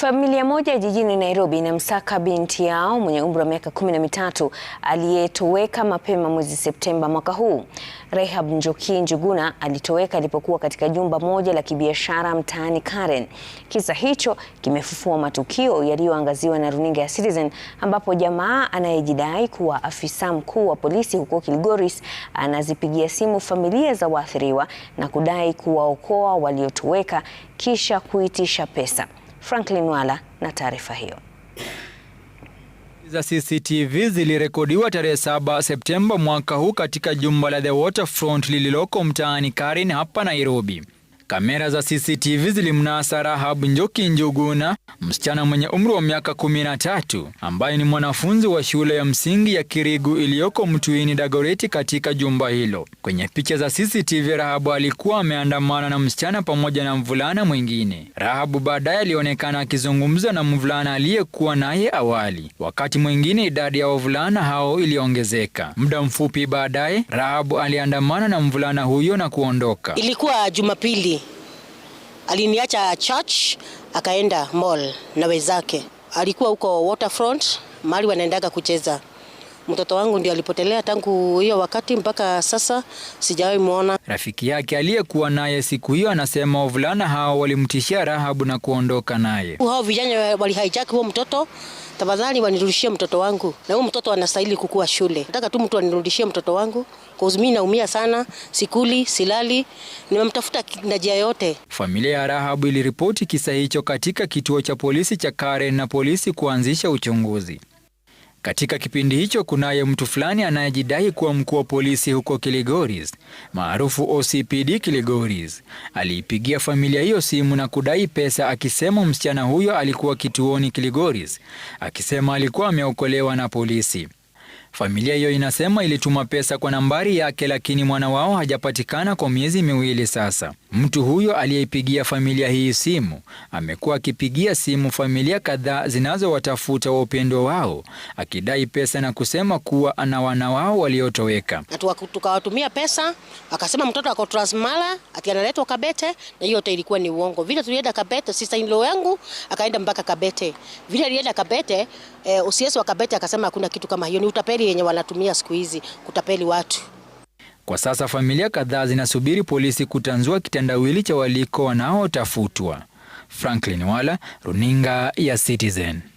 Familia moja jijini Nairobi inamsaka binti yao mwenye umri wa miaka kumi na mitatu aliyetoweka mapema mwezi Septemba mwaka huu. rehab Njoki Njuguna alitoweka alipokuwa katika jumba moja la kibiashara mtaani Karen. Kisa hicho kimefufua matukio yaliyoangaziwa na runinga ya Citizen ambapo jamaa anayejidai kuwa afisa mkuu wa polisi huko Kilgoris anazipigia simu familia za waathiriwa na kudai kuwaokoa waliotoweka kisha kuitisha pesa. Franklin Wala na taarifa hiyo. za CCTV zilirekodiwa tarehe 7 Septemba mwaka huu katika jumba la The Waterfront lililoko mtaani Karen hapa Nairobi. Kamera za CCTV zilimnasa Rahab Njoki Njuguna, msichana mwenye umri wa miaka 13 ambaye ni mwanafunzi wa shule ya msingi ya Kirigu iliyoko Mtuini Dagoreti katika jumba hilo. Kwenye picha za CCTV, Rahabu alikuwa ameandamana na msichana pamoja na mvulana mwingine. Rahabu baadaye alionekana akizungumza na mvulana aliyekuwa naye awali. Wakati mwingine idadi ya wavulana hao iliongezeka. Muda mfupi baadaye, Rahabu aliandamana na mvulana huyo na kuondoka. Ilikuwa Jumapili Aliniacha church akaenda mall na wenzake, alikuwa huko Waterfront mahali wanaendaga kucheza mtoto wangu ndiye alipotelea tangu hiyo wakati mpaka sasa sijawahi muona. Rafiki yake aliyekuwa naye siku hiyo anasema wavulana hao walimtishia Rahabu na kuondoka naye. Hao vijana walihijack huo mtoto. Tafadhali wanirudishie mtoto wangu, na huyo mtoto anastahili kukua shule. Nataka tu mtu anirudishie mtoto wangu, kwa sababu mimi naumia sana, sikuli, silali, nimemtafuta na njia yote. Familia ya Rahabu iliripoti kisa hicho katika kituo cha polisi cha Karen na polisi kuanzisha uchunguzi. Katika kipindi hicho kunaye mtu fulani anayejidai kuwa mkuu wa polisi huko kiligoris maarufu OCPD kiligoris aliipigia familia hiyo simu na kudai pesa, akisema msichana huyo alikuwa kituoni kiligoris akisema alikuwa ameokolewa na polisi. Familia hiyo inasema ilituma pesa kwa nambari yake, lakini mwana wao hajapatikana kwa miezi miwili sasa. Mtu huyo aliyeipigia familia hii simu amekuwa akipigia simu familia kadhaa zinazowatafuta wa upendo wao akidai pesa na kusema kuwa ana wana wao waliotoweka. Tukawatumia pesa, akasema mtoto ako Transmara ati analetwa Kabete, na hiyo yote ilikuwa ni uongo. Vile tulienda Kabete, sister in law yangu akaenda mpaka Kabete, vile alienda Kabete e, usiesi wa Kabete akasema hakuna kitu kama hiyo, ni utapeli yenye wanatumia siku hizi kutapeli watu. Kwa sasa familia kadhaa zinasubiri polisi kutanzua kitandawili cha waliko wanaotafutwa. Franklin Wala, runinga ya Citizen.